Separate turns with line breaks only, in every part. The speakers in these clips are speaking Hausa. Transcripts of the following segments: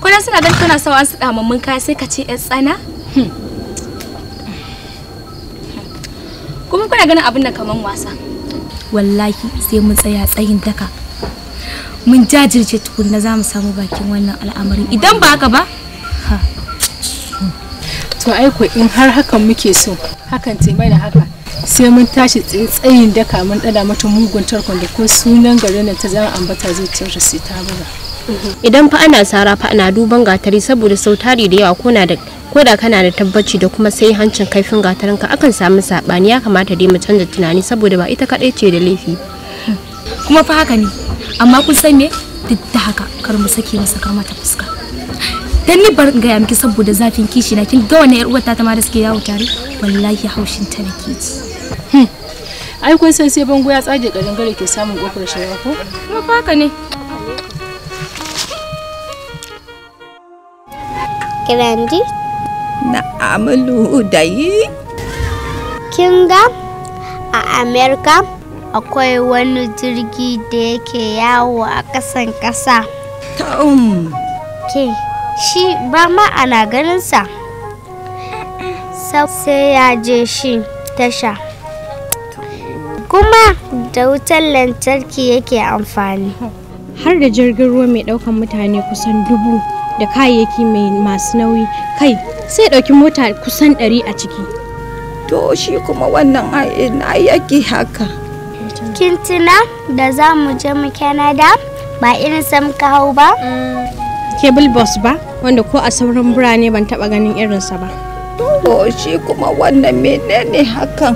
kuna suna don kuna sau an su damammun kaya sai ka ce yan tsana kuma kuna ganin abin da kamar wasa wallahi sai mun tsaya tsayin daka mun jajirce tukunna za mu samu bakin wannan al'amarin idan ba haka ba
to aiko in har hakan muke so hakan ce mai da haka sai mun tashi tsayin daka mun dada mata mugun tarkon da ko sunan garin ta zama ambata zuciyar sai ta buga
idan fa ana sara fa ana duban gatari saboda sautari da yawa kona da ko da kana da tabbaci da kuma sai hancin kaifin gatarin ka akan samu sabani ya kamata dai mu canza tunani saboda ba ita kadai ce da laifi kuma fa haka ne amma kun san me duk da haka kar mu saki masa sakar mata fuska dan ni bar ga miki saboda zafin kishi na kin ga wannan yar uwar ta ma da suke yawo tare wallahi haushin ta nake ji hmm.
ai kun san sai bango ya tsage garin gare ke samun gofar shaya ko kuma fa haka ne
Kiranji? Na'am Ludayi. Kin Kinga? a Amerika akwai wani jirgi da yake yawo a ƙasan ƙasa. Tom. Ke, shi ba ma ana ganinsa. Sai ya je shi tasha. Kuma da wutar lantarki yake amfani. Har da jirgin ruwa mai ɗaukan mutane kusan dubu. da kayayyaki mai masu nauyi kai sai ɗauki mota kusan ɗari a ciki
to shi kuma wannan na yake haka
kin da za mu je mu canada ba irin sam kawo ba cable bus ba wanda ko a sauran birane ban taba ganin irinsa ba to shi kuma wannan menene hakan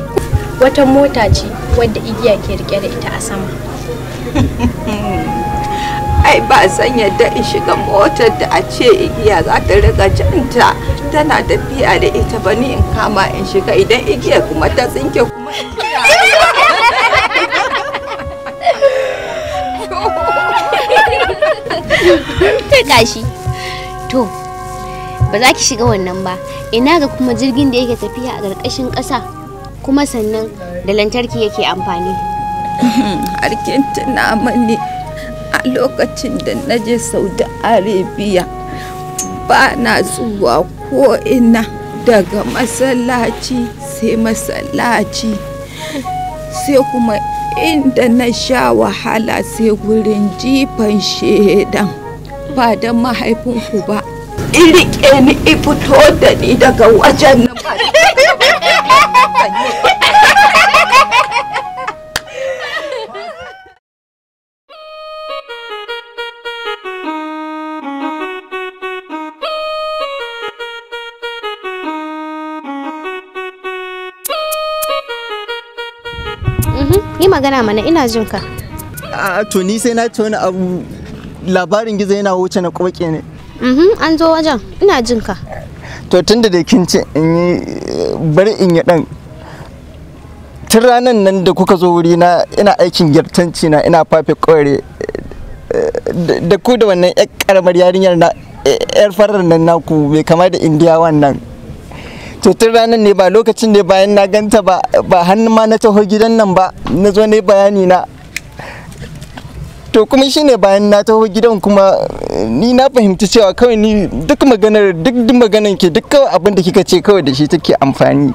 wata mota ce wadda igiya ke rike da ita a sama ai ba
san yadda in shiga motar da a ce igiya za ta riga janta tana tafiya da ita ba ni in kama in shiga idan igiya kuma ta tsinke kuma
ta kashi to ba za ki shiga wannan ba ina ga kuma jirgin da yake tafiya a ƙarƙashin ƙasa kuma sannan da lantarki yake amfani harkin tuna a lokacin da na
je saudi arabia ba na zuwa ko'ina daga masallaci sai masallaci sai kuma inda na sha wahala sai wurin jifan shedan
ba da mahaifinku ba
in riƙe ni fito da ni daga
wajen na magana mana ina jin ka
a to ni sai na ci wani abu labarin gizo yana wuce na kuma ne mhm an zo wajen ina jin ka to tunda da kin ce in yi bari in yi dan tun ranar nan da kuka zo wuri na ina aikin gyartanci na ina fafe kore da ku da wannan yar karamar yarinyar na yar farar nan naku mai kama da indiya wannan to tun ranar ne ba lokacin ne bayan na ganta ba ba hannun ma na taho gidan nan ba na zo ne bayani na to kuma shi ne bayan na taho gidan kuma ni na fahimci cewa kawai ni duk maganar duk maganar ke duk kawai abin da kika ce kawai da shi take amfani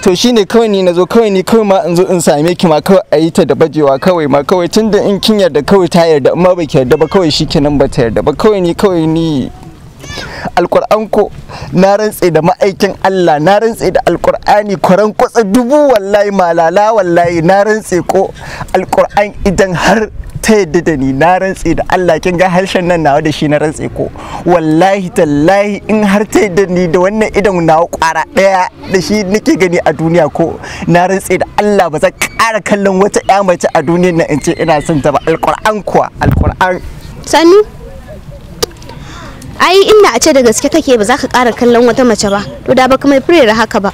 to shi ne kawai ni nazo kawai ni kawai ma in zo in same ki ma kawai a yi ta da bajewa kawai ma kawai tunda in kin yarda kawai ta yarda amma ba ki yarda ba kawai shi kenan ba ta yarda ba kawai ni kawai ni alkur'an na rantse da ma'aikin Allah na rantse da alkur'ani kwaran kwatsa dubu wallahi malala wallahi na rantse ko alkur'an idan har ta yadda da ni na rantse da Allah kin ga harshen nan nawa da shi na rantse ko wallahi tallahi in har ta yadda ni da wannan idan nawa kwara daya da shi nake gani a duniya ko na rantse da Allah ba zan ƙara kallon wata ƴa mace a duniyar nan in ce ina son ta ba alƙur'an kuwa sani ai inda a ce da gaske kake ba za ka ƙara kallon wata mace ba
to da baka fure furera haka ba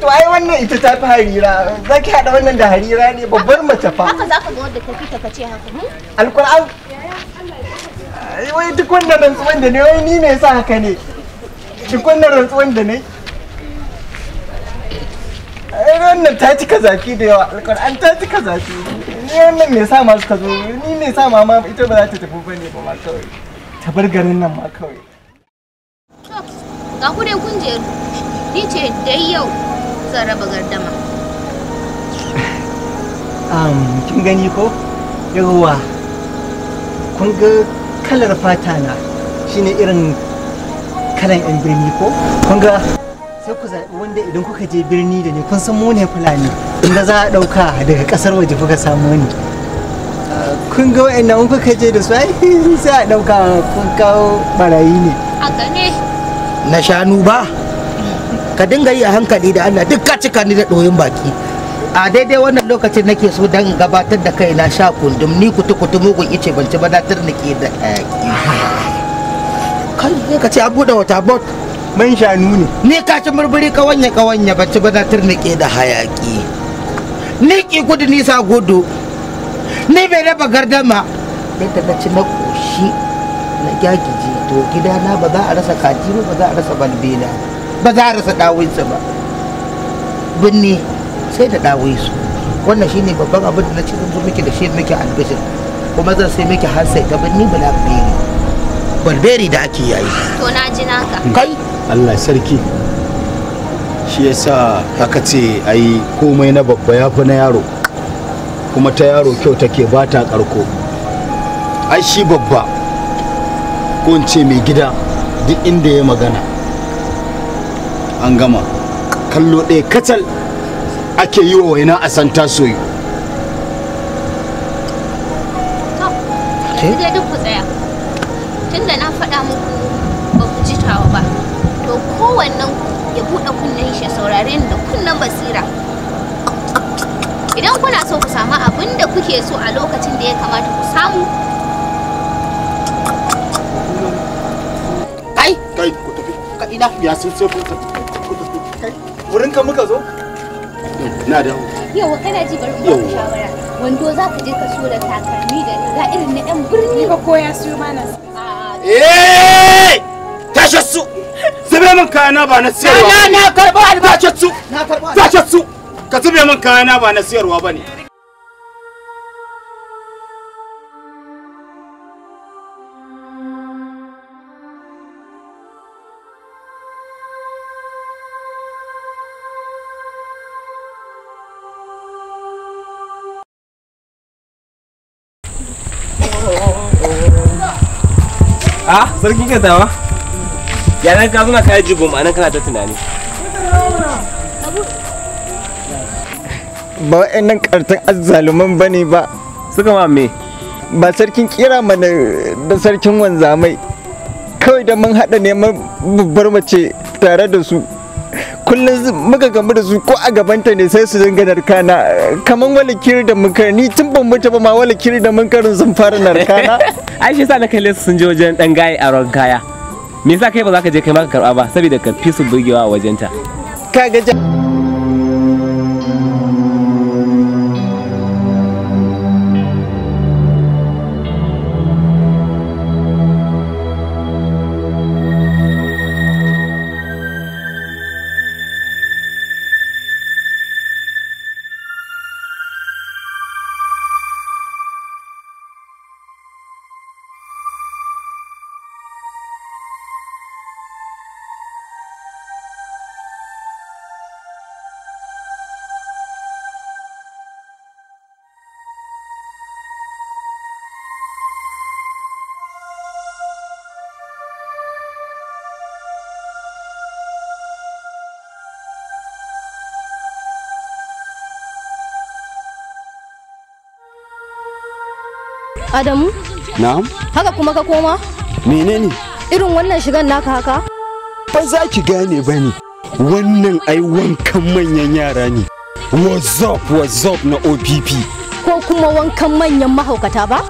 to ai wannan ita ta fi harira za ki haɗa wannan da harira ne babbar mace fa haka
za ka ga wanda ta fita ka ce haka
hmm? ai wai duk wanda rantsu da ne wai ni ne sa haka ne duk wanda rantsu da ne ai wannan ta cika zafi da yawa alkur'an ta cika zafi ni nan me sa ma suka zo ni me sa ma ita ba za ta tafi bane ba ma kawai ta bar garin nan ma kawai
ga ku dai kun je ni ce dai yau zan raba gardama
um kin gani ko yawa kun ga kalar fata na shine irin kalan yan birni ko kun ga sai ku zaɓi wanda idan kuka je birni da ni kun san mu ne fulani inda za a ɗauka daga ƙasar waje kuka samu ni kun ga wa'annan in kuka je da su ai sai a ɗauka kun kawo barayi ne
a gane
na shanu ba ka dinga yi a hankali da Allah duk ka cika ni da ɗoyin baki a daidai wannan lokacin nake so dan gabatar da kaina sha kundum ni kutu kutu mugun ice ban ci ba na tarniki. da kai ka ce an buɗe wata bot man shanu ne ni ka ci murmuri kawanya kawanya bacci ba na turnike da hayaki ni ki gudu nisa gudu ni bai raba gardama yadda na ci na koshi na gyagije to gidana ba za a rasa kaji ba ba za a rasa balbela ba za a rasa dawinsa ba binne sai da dawinsu wannan ne babban abin da na ci zan miki da shi miki albishir kuma zan sai miki har sai ta binne blackberry balberi da ake yayi
to na ji naka
kai allah sarki shi yasa haka ce ai komai na babba ya fi na yaro kuma ta yaro kyau take ba ta karko ai shi babba ko in ce mai gida duk inda ya magana an gama kallo ɗaya katal ake yi wa waina a santa soyu
tun da na faɗa muku kowannen ya buɗe kunnen shi saurare da kunnen basira idan kuna so ku samu abin da kuke so a lokacin da ya kamata ku samu
kai
kai ku tafi ka ina ya sun sai ku tafi kai wurin ka muka zo na da
yau kana ji bari ku shawara wando za ka je ka so da takalmi da riga irin na yan birni ba koya eh! su. mana eh
su zube min kayana ba na siyarwa na na karɓo albashin na karɓo albashin ka zube min kayana ba na siyarwa bane Ah, sarki ka tawa? ya nan ka zuna kayan jibin ma'anan kana ta tunani
ba wa'annan kartan azzaluman ba ne ba suka ma me ba sarkin kira mana da sarkin wanzamai kawai da mun haɗa neman babbar mace tare da su kullum muka gamu da su ko a gabanta ne sai su dinga narkana kamar wala kiri da munkar ni tun ban mutu ba ma wala kiri da karin sun fara narkana
ai shi sa na kalle su sun je wajen dan gaye a ron kaya me yasa kai ba za ka je kai ma ka karba ba saboda ka fi su burgewa a wajenta ka Adamu? Na'am. Haka kuma ka koma? Menene? Irin wannan shigan naka haka?
Ba za ki gane ba ne. Wannan ai wankan manyan yara ne. What's up, what's up na OPP.
Ko kuma wankan manyan mahaukata ba?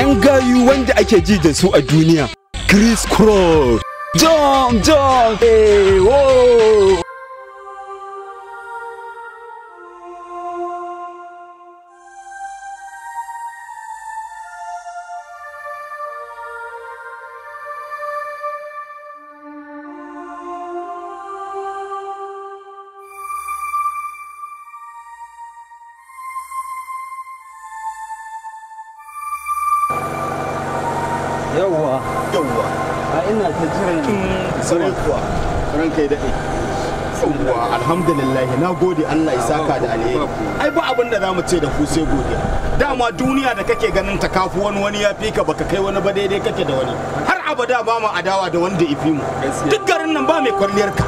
'Yan gayu wanda ake ji da su a duniya. Chris Cross. Jump, jump, hey, whoa.
gode Allah ya saka da alheri ai ba abin da zamu ce da ku sai godiya dama duniya da kake ganin ta kafu wani wani ya fi ka baka kai wani ba daidai kake da wani har abada ba mu adawa da wanda ifi mu duk garin nan ba mai kwalliyar ka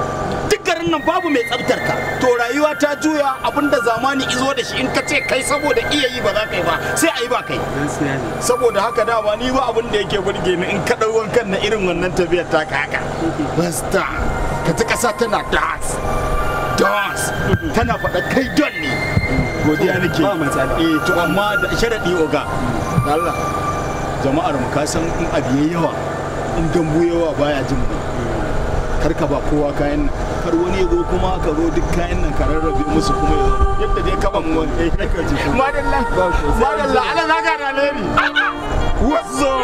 duk garin nan babu mai tsabtar ka to rayuwa ta juya abin da zamani izo da shi in ka ce kai saboda iya yi ba za ka yi ba sai a yi ba kai saboda haka dama ni ba abin da yake burge ni in ka dau wankan na irin wannan tafiyar ta haka basta ka ta ƙasa tana das dons tana faɗa kai don ne godiya nake eh to amma da oga Allah jama'ar mu ka san in yawa in yawa baya jin mu kar ka ba kowa kayan kar wani yago kuma ka zo duk kayan nan ka rarrabe musu kuma yadda dai wani eh ji ala
zaka da wazzo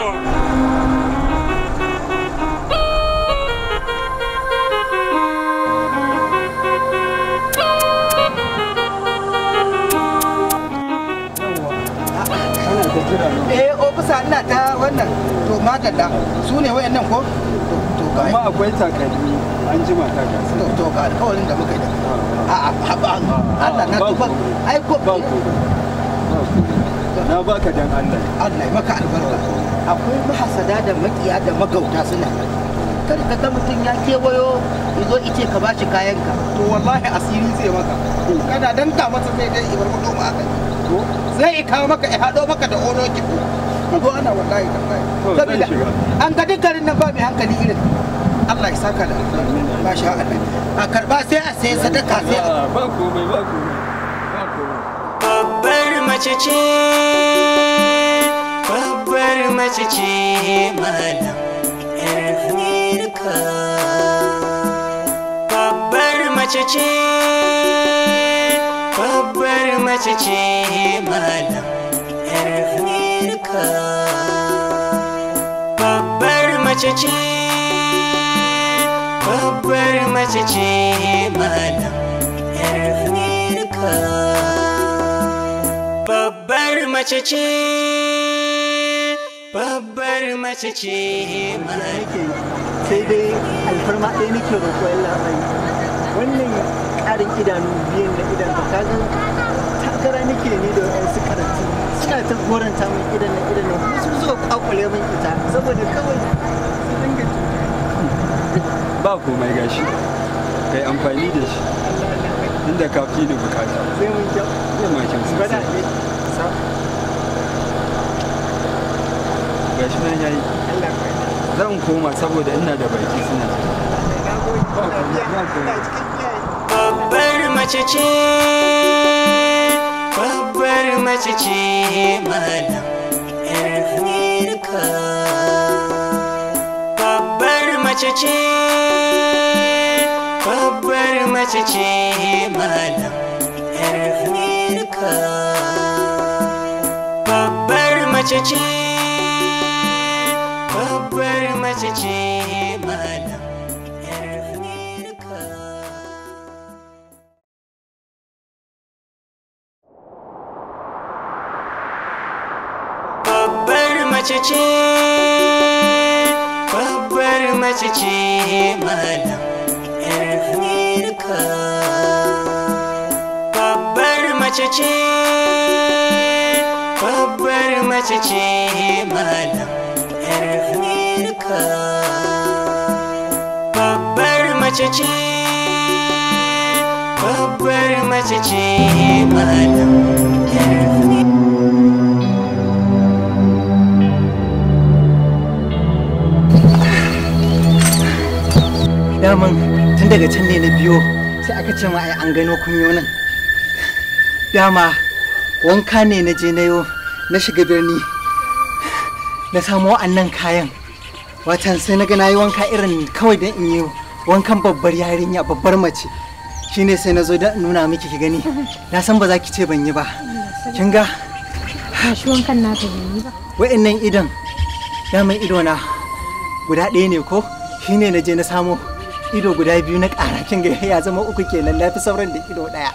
sa ina ta wannan to madalla su ne nan ko to ga amma akwai takalmi an ji mata gasa to to ga alƙawarin da muka yi da a a haba Allah na tuba ai ko ba ko na baka dan Allah Allah maka albarka akwai mahasada da makiya da magauta suna kar ka ga mutum ya kewayo yazo ice ka bashi kayan ka to wallahi asiri zai maka kana danka masa sai dai ibar mutum aka to zai kawo maka ya hado maka da onoki ko. ka ana wallahi saboda an ga dukkanin Allah ya saka da a karba sai a sai sadaka sai a ba komai ba komai
babbar mace ce babbar mace ce malam yar babbar mace ce babbar mace ce malam yar babbar mace ce babbar mace ce malam yarmirka babbar mace ce babbar mace ce malam sai dai
alfarma ɗaya nake roƙo yalla wannan ƙarin idanu biyan da idan ka kaga takara nake ne da wa'yansu ta koranta mun idan na idan na kuma sun kwakwale mun ita saboda kawai
ba komai gashi kai amfani da shi inda kafi da bukata sai mun kyau zai ma kyau su bada ne gashi nan yayi zan koma saboda ina da baki suna
Babbar mace ce bar mace ce malam yar amerika babbar mace ce babbar mace ce malam yar amerika babbar mace ce babbar mace ce malam yarka babbar babbar
daman tun daga can ne na biyo sai aka ce ma ai an gano kunyo nan dama wanka ne na je na yo na shiga birni na samu wa'annan kayan watan sai na ga na yi wanka irin kawai don in yi wankan babbar yarinya babbar mace shine sai na zo da nuna miki ki gani na san ba za ki ce ban yi ba kin ga
shi wankan na ta yi ba
wa'annan idan daman ido na guda ɗaya ne ko shine na je na samo ido guda biyu na ƙara kin ga ya zama uku kenan na fi sauran da ido ɗaya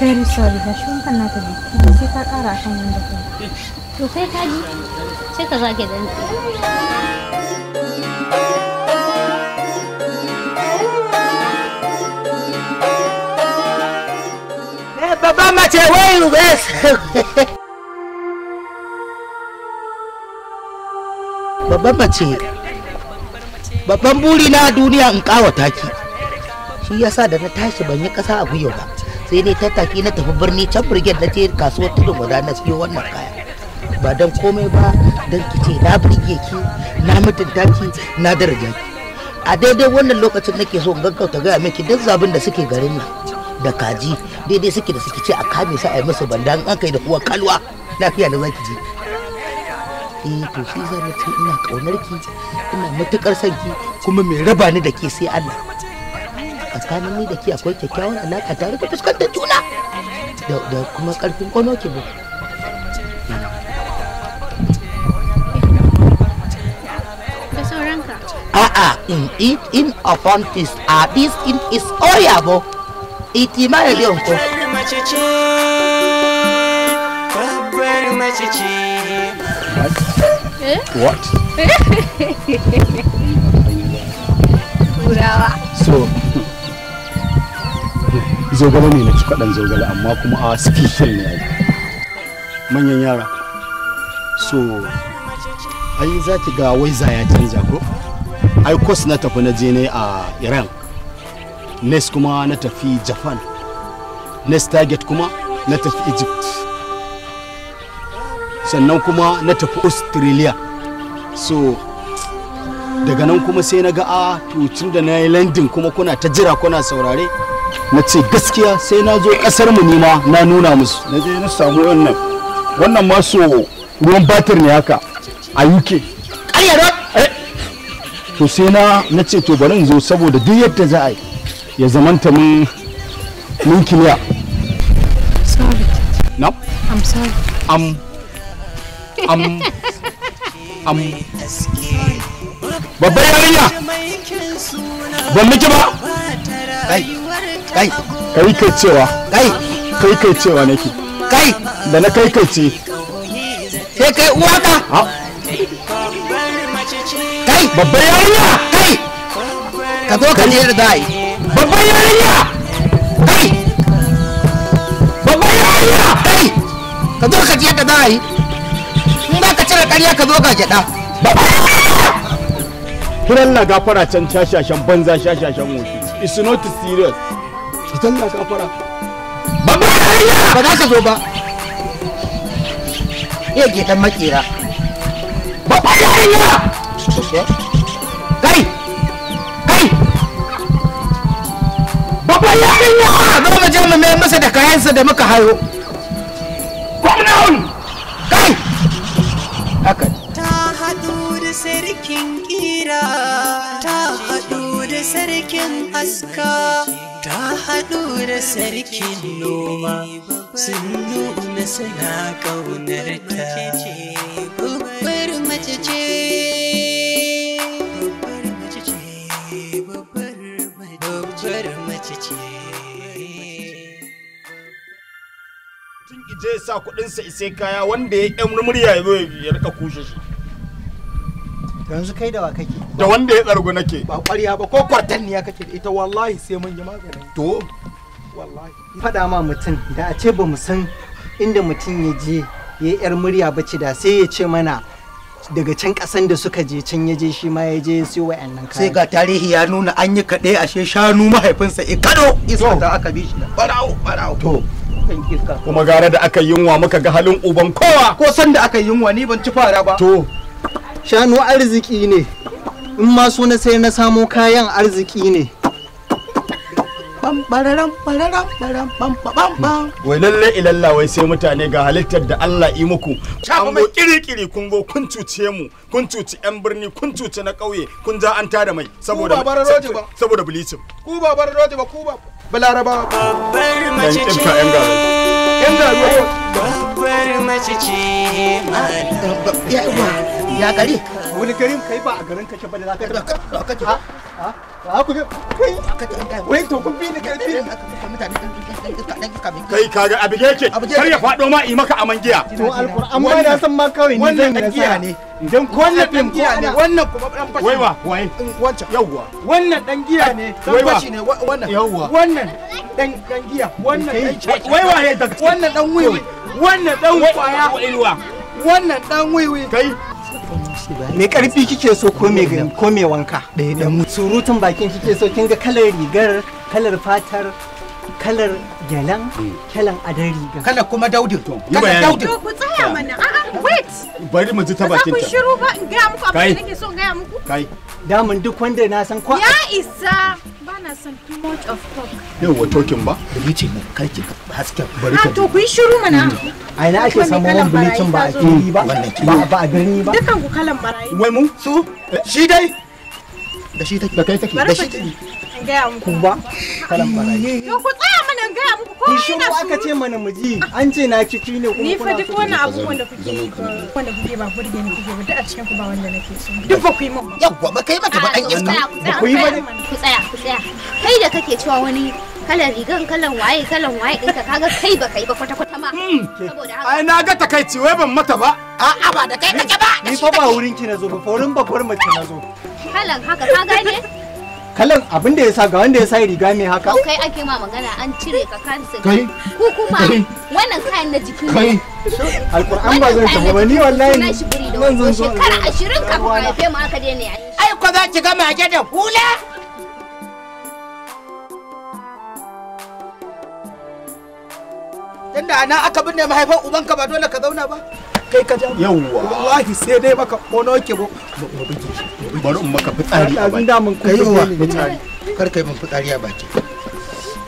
very sorry ga shi wankan na ta yi sai ka ƙara kan wanda ka to kai ka ji sai ka mace babban
mace babban buri na duniya in kawata ki shi yasa da na tashi ban yi kasa a guyo ba sai ne tattaki na tafi birni can birgit na je kasuwar tudun wada na siyo wannan kaya ba dan komai ba don kice ce na burge ki na mutunta ki na daraja ki a daidai wannan lokacin nake so gaggauta gaya miki duk zabin da suke garin nan da kaji daidai suke da suke ce a kame su a yi musu banda an kai da kuwa kalwa lafiya da zaki ji eh to shi zai ce ina kaunar ki ina matukar son ki kuma mai raba ni da ke sai Allah tsakanin ni da ke akwai kyakkyawan alaka tare da fuskantar juna da kuma karfin kwanoki ba
Ah ah, in it
in upon this ah this in is oyabo itima elionko
What? Eh? What? What?
so, zogala ne na ci kwaɗan zogala amma kuma a special ne manyan yara. So, ai za ki ga waiza ya canja ko? ai kos na tafi na je ne a iran nes kuma na tafi japan nes target kuma na tafi egypt sannan kuma na tafi australia so daga nan kuma sai na ga a ah, tun da na yi landing kuma kuna ta jira kuna saurare na ce gaskiya sai na zo kasar mu nima na nuna musu na je na samu wannan wannan masu ruwan batir ne haka a uk ƙaryar to sai na na ce to bari zo saboda duk yadda za a yi ya zamanta mun mun kiliya sorry no i'm sorry am am am
babbar yarinya
ban miki ba kai kai kai kai cewa kai kai kai cewa nake kai da na kai kai ce
kai kai uwata kai babbar yarinya kai ka zo ka nera da yi babban yarinya kai babbar yarinya kai ka zo ka niyar da za yi in ba ka cire ƙarya ka zo ka gyaɗa babban yarinya
kuren na gafara can shashashan banza shashashan wofi it's not serious idan na gafara
Babbar yarinya ba za ka zo ba iya gyaɗan makera babban yarinya kai kai babban yarinya zo mu je mu masa da kayansa da muka hayo gwamnan ta
haɗu da sarkin kira ta haɗu da sarkin aska ta haɗu da sarkin noma sun nuna mace ce
ije sa kudinsa isai kaya wanda ya yan murya ya zo ya rika kushe shi yanzu kai da wa kake da wanda ya tsargo nake ba ƙwarya
ba ko ya kake da ita wallahi sai mun yi maganin
to wallahi faɗa ma mutum da a ce ba mu san inda mutum ya je ya yar murya ba ce da sai ya ce mana daga can kasan da suka je can ya je shi ma ya je ya siyo wa'annan kayan sai ga tarihi ya nuna an yi kaɗai ashe shanu mahaifinsa ikado iska da aka bi shi da barawo barawo
to kuma gara da aka yunwa muka ga halin uban
kowa ko san da aka yunwa ni ban ci
fara ba to shanu arziki ne in ma so na sai na samo kayan arziki ne
wai lalle ilalla wai sai mutane ga halittar da Allah yi muku shafa mai kirikiri kun go kun cuce mu kun cuci yan birni kun cuci na ƙauye kun ja an tada mai saboda bilicin ku ba bar ba ku ba balaraba babbar mace yan
babbar ya gari wani garin kai ba a garin kake ba da za ka kai
kaga abu yake kar ya faɗo ma yi maka aman giya to alquran ma na san ma kawai ni zan giya ne dan wannan dan giya ne wannan kuma dan fashi waiwa wai wancan yawwa wannan dan giya ne dan fashi ne wannan yawwa wannan dan dan giya wannan dan waiwa ne wannan dan wiwi wannan dan kwaya wannan dan wiwi
kai me karfi kike so ko me ko me wanka surutun bakin kike so kin ga kalar rigar kalar fatar kalar gyalan eh. kalan adar rigar. kala kuma daudin to kala daudin
ku tsaya mana a'a wait bari mu ji ta bakin ta ku shiru ba in ga muku abin da nake so in ga muku
kai damun duk wanda na san ko ya
isa na son too much of talk.
ba? Bleaching ne kai
hasken bari ka. Ah, to shiru mana. Hmm. A ina ake samu wani bleaching ba a fili ba ba
a birni ba. Dukan ku kalan barayi. Wai mu su eh, shi dai da shi take da kai take da shi take. Ga Ku ba kalan barayi. Yo ku ban gaya muku ko shi aka ce mana mu an ce na kifi ne kuma kuna ni fa duk wani abubuwan da kuke yi wanda kuke ba
burge ni kuke ba duk a cikin ku ba wanda nake so duk
ba ku yi mun yawa ba kai mata ba dan iska ba ku yi ba
ku tsaya ku tsaya kai da kake cewa wani kalan rigan kalan waye kalan waye ɗinka kaga kai ba kai ba kwata kwata ma hmm. saboda haka ai na ga takaici wai ban mata ba a'a ba da kai
kake ba ni fa ba wurin ki na zo ba wurin babbar mace na zo
kalan haka ka gane
kalan abin da ya sa ga wanda ya sa riga mai haka
kai ake ma magana an cire ka kansa kai ku kuma wannan kayan na jikin kai
alquran ba zai tafi ba ni wallahi na shi buri da wani shekara
20 kafin ka haife mu aka daina yayi ai ko za ki ga mage da hula
tunda ana aka binne mahaifan ubanka ba dole ka zauna ba kai ka ja yawwa wallahi sai dai maka kono ke bo bari in maka fitsari a baki kai wa fitsari kar kai fitsari a baki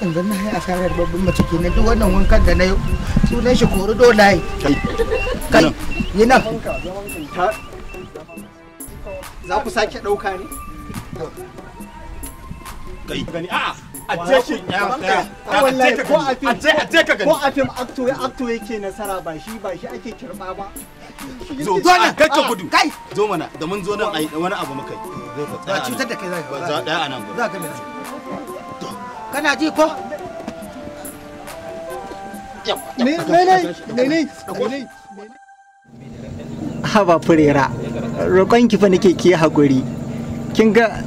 na yi babban mace duk wannan wankan da na yi sunan shi kori dolaye kai yi nan
za ku sake ɗauka ne kai gani a'a ko a fim acto ya acto yake nasara ba shi ba shi ake kirba ba zo nan kakka gudu kai
zo mana da mun zo nan ai wani abu muka yi a cutar da kai zai ba za daya anan za ka mai
kana ji ko ne ne ne ne
haba furera roƙon ki fa nake ki hakuri kin ga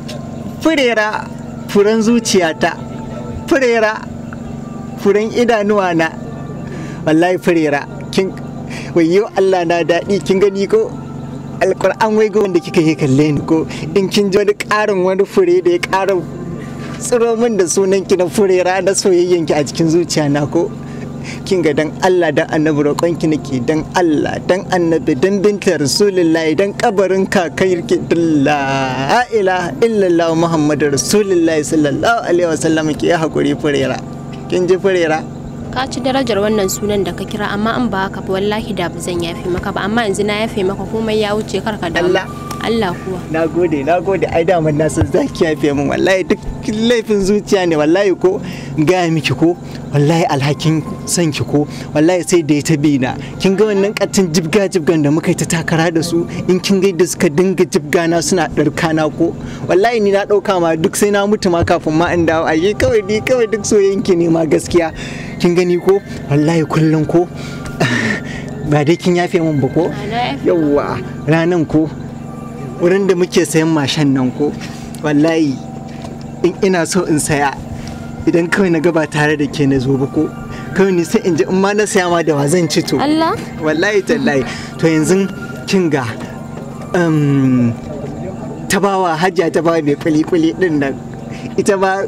furera furen zuciyata furera furen idanuwa na wallahi furera kin wayo Allah na daɗi kin gani ko alƙur'an wai ga wanda kika yi kalle ni ko in kin ji wani ƙarin wani fure da ya ƙara tsiro min da sunan ki na furera na soyayyanki a cikin zuciya na ko kin ga dan Allah dan annabi roƙon ki nake dan Allah dan annabi dan binta rasulullahi dan kabarin kakai ki dilla ila illallah muhammadur rasulullahi sallallahu alaihi wasallam ki hakuri furera kin ji furera ka ci
darajar wannan sunan da ka kira amma an ba ka ba wallahi da ba zan yafe maka ba amma yanzu na yafe maka komai ya wuce kar ka damu Allah Allah kuwa
na gode na gode ai daman na san zaki yafe min wallahi duk laifin zuciya ne wallahi ko gaya miki ko wallahi alhakin san ki ko wallahi sai da ta bi na kin ga wannan katin jibga jibgan da muka yi ta takara da su in kin ga da suka dinga jibga na suna ɗarka na ko wallahi ni na ɗauka ma duk sai na mutu ma kafin ma in dawo ayi kawai ni kawai duk soyayyen ki ne ma gaskiya kin gani ko wallahi kullum ko ba dai kin yafe mun ba ko yawa ranan ko wurin da muke sayan mashan nan ko wallahi in ina so in saya idan kawai na gaba tare da ke na zo ba ko kawai ni sai in ji in ma na saya ma da wa zan ci to Allah wallahi tallahi to yanzu kin ga um tabawa hajja tabawa mai kuli-kuli din nan ita ba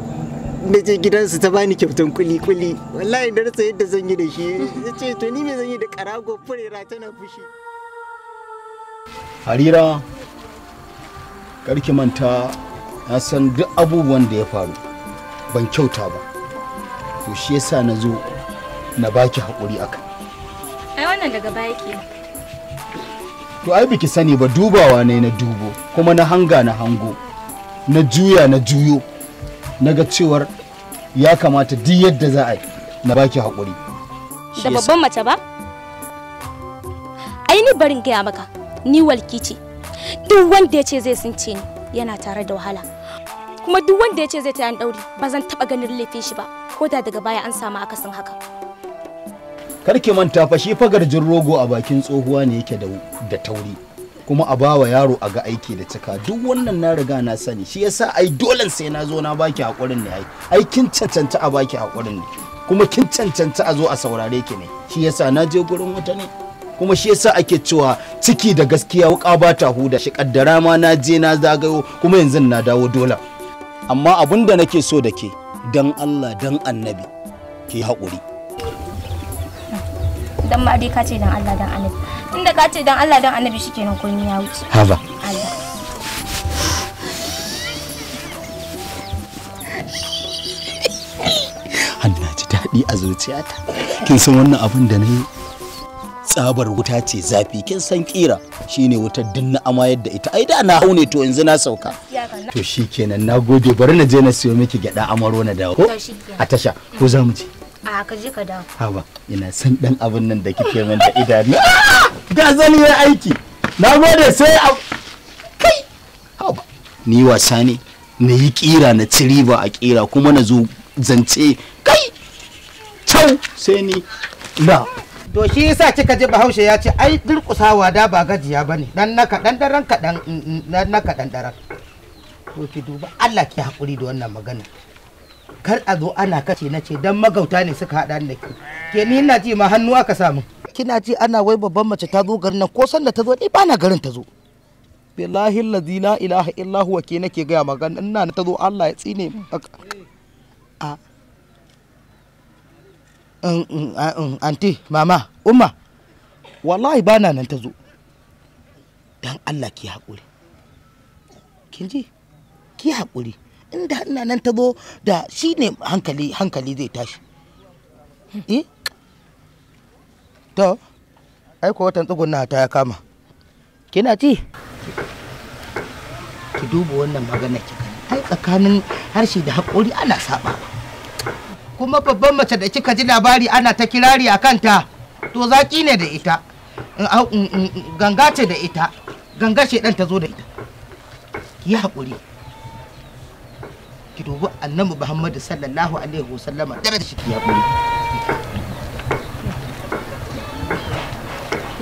na je gidansu ta bani kyautan kuli-kuli wallahi da rasa yadda zan yi da shi ya ce to ni me zan yi da karago furera tana fushi
harira karki manta na san duk abubuwan da ya faru ban kyauta ba to shi yasa na zo na baki haƙuri akan
ai wannan daga baya ke
to ai biki sani ba dubawa ne na dubo kuma na hanga na hango na juya na juyo naga cewar ya kamata duk yadda za a yi na baki haƙuri
da babban mace ba ai ni barin gaya maka ni walki ce duk wanda ya ce zai sunce ni yana tare da wahala kuma duk wanda ya ce zai tayan ɗauri ba zan taɓa ganin laifin shi ba ko da daga baya an samu akasin haka
ki manta fa shi fagar jin rogo a bakin tsohuwa ne yake da tauri kuma a bawa yaro a ga aiki da cika duk wannan na riga na sani shi yasa ai dole sai na zo na baki hakurin ne ai ai kin cancanta a baki hakurin ne kuma kin cancanta a zo a saurare ki ne shi yasa na je gurin wata ne kuma shi yasa ake cewa ciki da gaskiya wuka ba ta huda shi kaddara ma na je na zagayo kuma yanzu na dawo dole amma abin da nake so da ke dan Allah dan annabi ki haƙuri
dan ma dai ka dan Allah dan Annabi tunda ka ce dan Allah dan Annabi shikenan komai ya wuce
haba
Allah ji daɗi a zuciyata kin san wannan abin da nayi tsabar wuta ce zafi kin san kira shine wutar dinna amma yadda ita ai da na haune to yanzu na sauka to shikenan nagode bari na je na siyo miki gyada amaro na dawo a tasha ko za mu je
A ka je ka dawo.
Haba ina san dan abin nan da kike min da idanu. Da zan yi aiki. Na gode sai a kai. Haba ni wasa ne. Na yi ƙira na ci riba a ƙira kuma na zo zance kai. Cau sai ni
na. To shi yasa kika ji Bahaushe ya ce ai durƙusawa da ba gajiya bane dan na kaɗan daren kaɗan mm, mm, dan na kaɗan daren. To ki duba Allah ki haƙuri da wannan magana. kar a zo ana kace na ce dan magauta ne suka haɗa da ke ke ni ina ji ma hannu aka samu kina ji ana wai babban mace ta zo garin nan ko san da ta zo ni ba na garin ta zo billahi allazi la ilaha illa huwa ke nake gaya magana ina ta zo Allah ya tsine a anti mama umma wallahi ba na nan ta zo dan Allah ki hakuri, kin ji ki hakuri. inda hannan nan ta zo da shi ne hankali hankali zai tashi hmm. eh to ai ko watan tsugun ta ya kama kina ci. ki duba wannan magana ki gani ai tsakanin harshe da haƙori ana saba kuma babban mace da kika ji labari ana ta kirari a kanta to zaki ne da ita ganga ce da ita ganga ce ta zo da ita ki haƙuri ki dubi annabi muhammadu sallallahu alaihi wasallama dare da shi ya kuri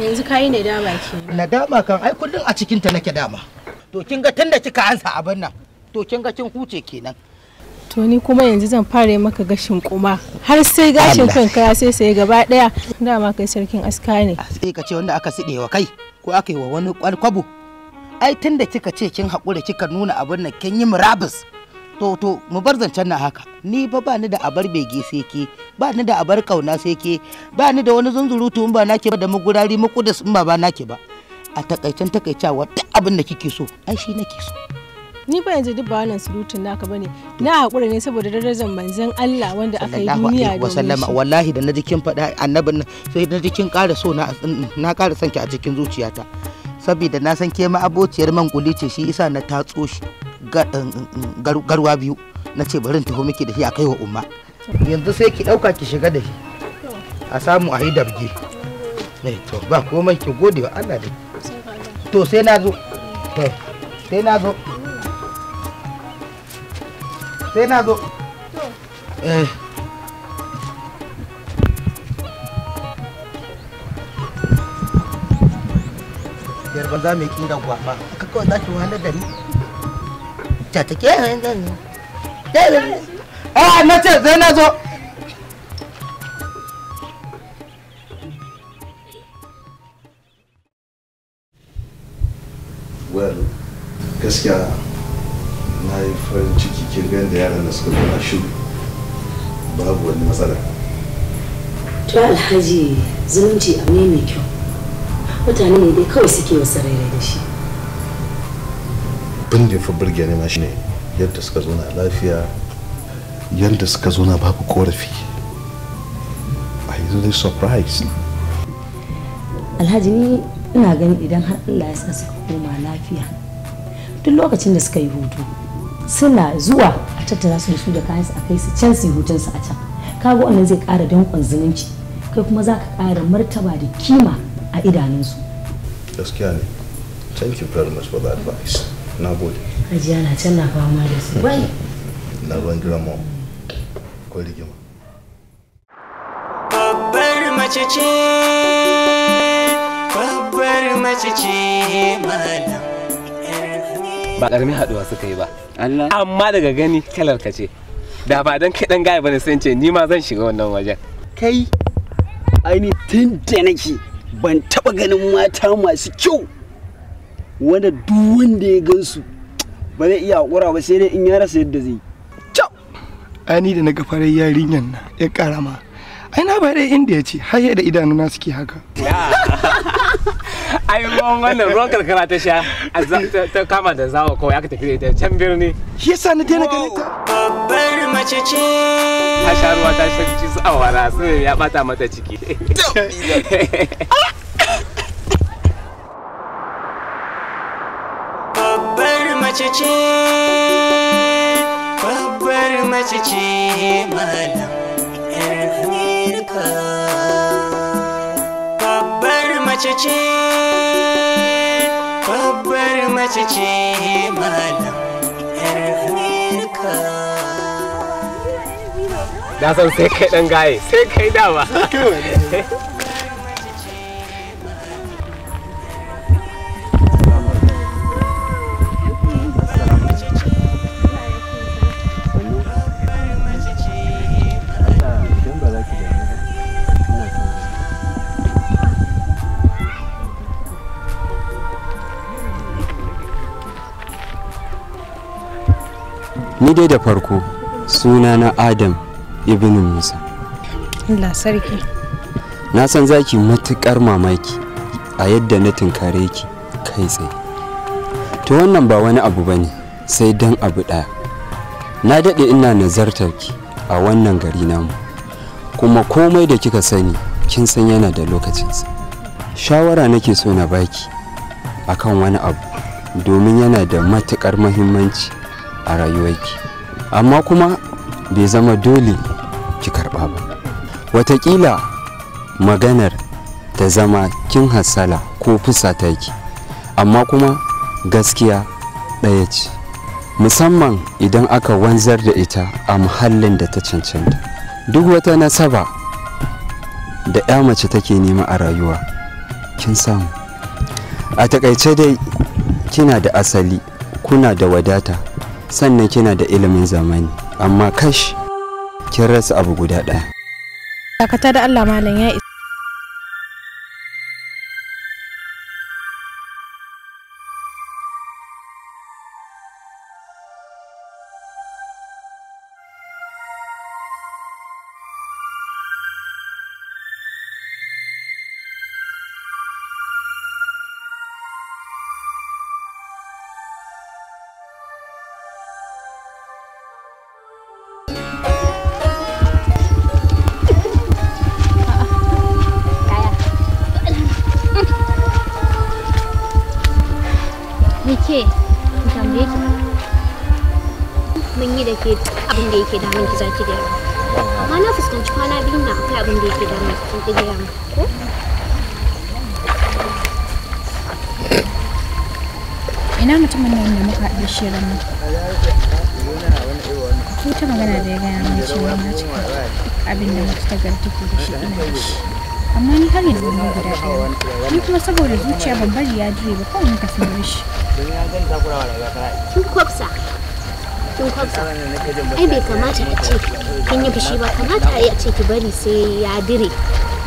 yanzu kayi ne dama ke nadama kan ai kullum a cikinta nake dama to kin ga tunda kika ansa abin nan to kin ga kin huce kenan
to ni kuma yanzu zan fara maka gashin kuma har sai gashin kanka ya sai sai
gaba daya dama kai sarkin aska ne sai ka ce wanda aka side wa kai ko aka yi wa wani kwalkwabo ai tunda kika ce kin haƙura kika nuna abin nan kin yi murabus to to mu bar zancen na haka ni ba ba ni da abar bege sai ke ba ni da abar kauna sai ke ba ni da wani zunzurutu in ba nake ba da mugurari mukudus in ba ba nake ba a takaicen takaicawa duk abin da kike so ai shi nake so
ni ba yanzu duk ba wannan surutun naka bane na hakura ne saboda darajar manzon Allah wanda aka yi duniya da sallama
wallahi da na kin faɗa annabin sai na kin ƙara so na na ƙara sanki a cikin zuciyata saboda na san ke ma abociyar man ce shi isa na tatso shi Um, um, um, garuwa biyu na ce barin taho muke da shi a kaiwa umma yanzu sai ki ɗauka ki shiga da shi a samu a yi dabge ne eh, to ba komai ki gode wa Allah da to sai na zo sai na zo sai na zo eh yarban za mu yi kinga gwafa aka kawai za ki wahalar da ni ta take a na ce zai na zo
well gaskiya na yi farin ciki kin
da yaran da suka zama shiru babu wani matsala
to alhaji zumunci abu ne mai kyau mutane ne dai kawai suke wasu rairai da shi
abin da ya fi burge ni ma shine yadda suka zo na lafiya yadda suka zo na babu korafi a yanzu zai surprise
alhaji ni ina ganin idan har Allah ya sa suka koma lafiya duk lokacin da suka yi hutu suna zuwa a tattara su da su da kayan su a kai su can su hutun su a can kago wannan zai kara danƙon zumunci kai kuma za ka ƙara martaba da kima a idanunsu
gaskiya ne thank you very much for the advice na gode
ajiya na can na fama da su bai
na ban girma ko rigima
babbar mace ce babbar mace ce malam
ba karamin haduwa suka yi ba amma daga gani kalar ka ce da ba dan kai dan gaya bane sai ce ni ma zan shiga wannan wajen kai
aini tun da nake ban taba ganin mata masu kyau
wanda duk wanda ya su ba zai iya hakura ba sai dai in ya rasa yadda zai ciao
ani da na farai yarinyan nan ya karama ai na bare inda ya ce har da na suke haka
ai ruwan wannan ruwan
karkara ta sha ta kama da zawo kawai aka tafi da can birni
shi yasa na daina ganin ta babbar mace ce ta sha ta sha su awara su ya bata mata
ciki mace ce babbar mace ce malam yar babbar mace ce babbar mace ce malam yar amerika
na san sai kai dan gaye sai kai dama
ni dai da farko suna na adam ibn musa
Allah sarki
na san zaki matukar mamaki a yadda na tunkare ki kai tsaye to wannan ba wani abu bane sai dan abu ɗaya na daɗe ina nazartar ki a wannan gari namu kuma komai da kika sani kin san yana da lokacinsa shawara nake so na baki akan wani abu domin yana da matukar mahimmanci a rayuwarki amma kuma bai zama dole ki karɓa ba watakila maganar ta zama kin hasala ko fusata ki amma kuma gaskiya ɗaya ce musamman idan aka wanzar da ita a muhallin da ta cancanta duk wata nasaba da ya mace take nema a rayuwa kin samu a takaice dai kina da asali kuna da wadata sannan kina da ilimin zamani amma kash kin rasa abu guda ɗaya
dakata da Allah malam ya ke ki tambaye ki da ke da yake damun zaki gaya amma na fuskanci kwana biyu na akwai abin da yake damun ki kin gaya ina mutumin nan da muka haɗe shi ranar ko ta magana da ya gaya mun cewa na ta amma ni har yanzu ne guda ɗaya ni kuma saboda zuciya babbar ya dire ba kawai muka
sanar shi
kin kwafsa kin kwafsa
ai bai kamata a ce kin yi fushi ba
kamata a yi a ce ki bari sai ya dire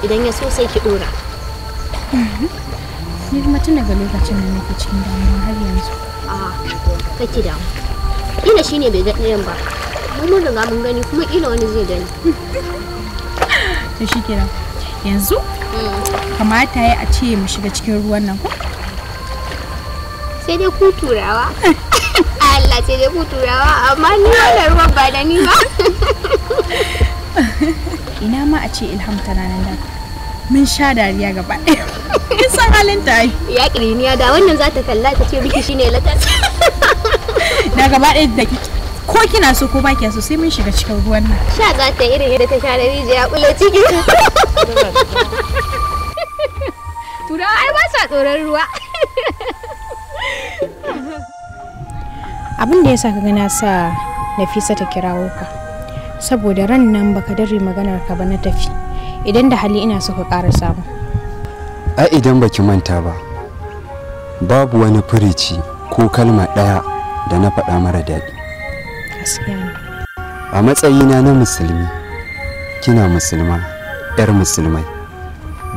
idan ya so sai ki dora
mhm. ni kuma tuna ga lokacin da nake
cikin damuwa har yanzu
a
kake damu ina shine bai ga ɗayan ba mun riga mun gani kuma kila wani zai gani to shi kenan yanzu kamata ya a ce mu shiga cikin ruwan nan ko sai dai ku turawa Allah sai dai ku turawa amma ni wannan ruwan ba da ni ba ina ma a ce ilham tana nan da mun sha dariya gaba ɗaya kin san halin ta yi ya kiriniya da wannan za ta kalla ta ce miki shine latar. na gaba ɗaya da kike ko kina so ko baki so sai mun shiga cikin ruwan nan sha za ta irin yadda ta sha rijiya kula ciki tura ai ba sa tsoron ruwa abin da ya sa ka gana sa nafisa ta kirawo ka saboda ran nan baka dare maganar ka ba na tafi idan da hali ina so ka ƙara samu
ai idan baki manta ba babu wani firici ko kalma ɗaya da na faɗa mara daɗi gaskiya ne a matsayina na musulmi kina musulma 'yar musulmai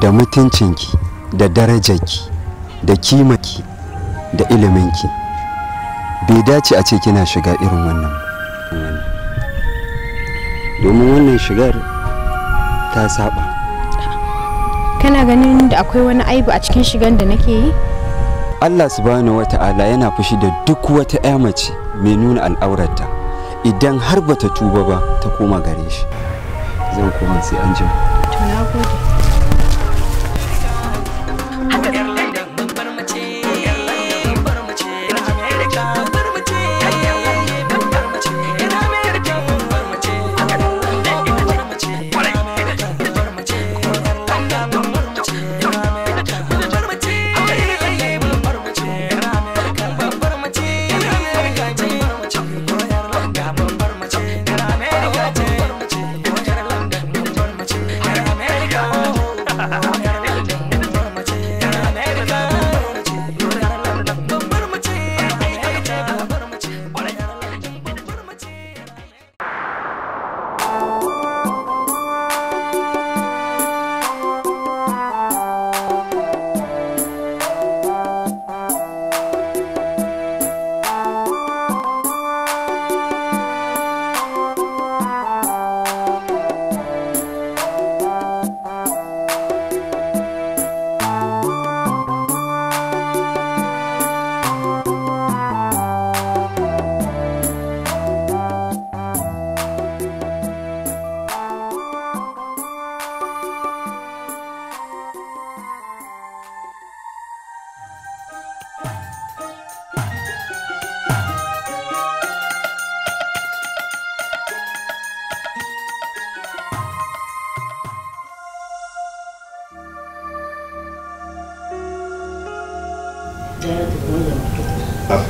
da mutuncinki da darajarki da kimaki da iliminki bai dace a ce kina shiga irin wannan domin wannan shigar ta saba
kana ganin da akwai wani aibu a cikin shigan da nake yi
Allah subhanahu wata'ala yana fushi da duk wata 'ya mace mai nuna al'aurarta idan har bata tuba ba ta koma gare shi zan koma sai an jima
to gode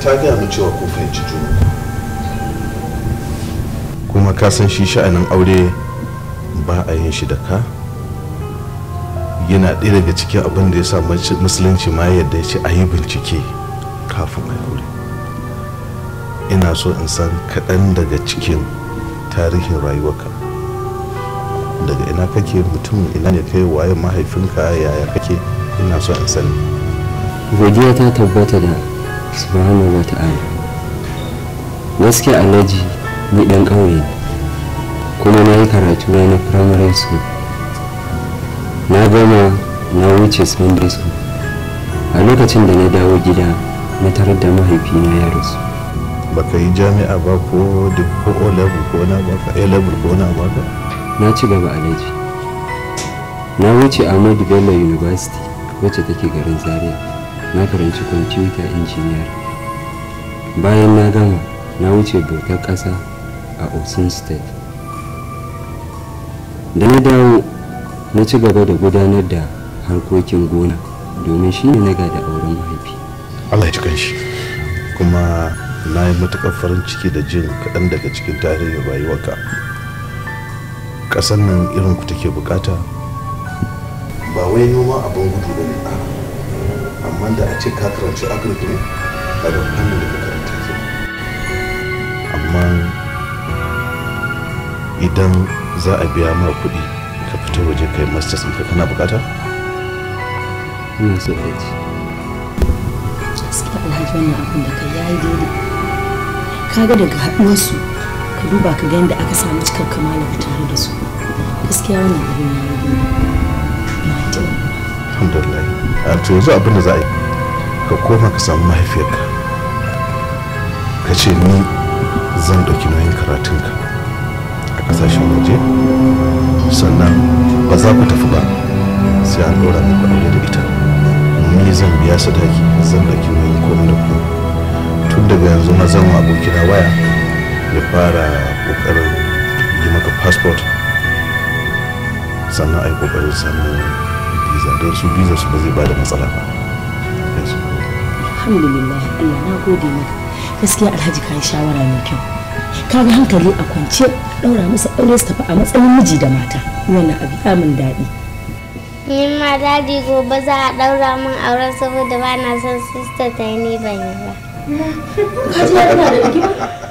ta gaya mu cewa kun fahimci juna kuma ka san shi sha'anin aure ba a yin shi da ka yana ɗaya daga cikin abin da ya sa musulunci ma yadda ya ce a yi bincike kafin a aure ina so in san kaɗan daga cikin tarihin rayuwarka daga ina kake mutum ina ne kai waye mahaifinka yaya kake ina so in sani godiya ta tabbata da subhanahu wa ta'ala
gaskiya alhaji ni dan ƙauye kuma na yi karatu na na primary school na gama na wuce secondary school a lokacin da na dawo gida na tarar da mahaifina ya rasu baka yi jami'a ba ko ko o level ko na baka a level ko na baka na ci gaba alhaji na wuce ahmadu bello university wacce take garin zaria na karanci kwamfuta injiniyar bayan na gama na wuce bautar ƙasa a osun state da na dawo na ci gaba da
gudanar da harkokin gona domin shi ne na gada auren mahaifi allah ya shi kuma na yi matuƙar farin ciki da jin kaɗan daga cikin tarihin rayuwarka ƙasar nan irin ku take bukata ba wai noma abin gudu da ne amma da a ce ka karanci agric a da fannin da karanta ke amma idan za a biya ma kuɗi ka fito waje kai masters ka kana bukata? ina so haji
gaskiya
alhaji wannan abin da kai yayi daidai kaga daga haɗuwarsu ka duba ka ga yadda aka samu cikar kamala ka tare da su gaskiya wannan abin yayi
alhamdulillah a to yanzu abin da za a yi ka koma ka samu mahaifiyarka ka ce ni zan ɗauki nauyin karatunka a ƙasashen waje sannan ba za ku tafi ba sai an ɗora muku aure da ita ni zan biya sadaki zan ɗauki nauyin komai da ku. tun daga yanzu na zama abokina waya ya fara ƙoƙarin yi maka fasfot. sannan a yi kokarin samun biza don su biza su ba zai da matsala ba
alhamdulillah
Allah na gode maka gaskiya alhaji kayi shawara mai kyau ka ga hankali a kwance daura masa aure su tafi a matsayin miji da mata wannan abu ya min daɗi
ni ma daɗi gobe za a daura min auren saboda ba na son sista ta yi ni ban yi ba ka ji yana da rigima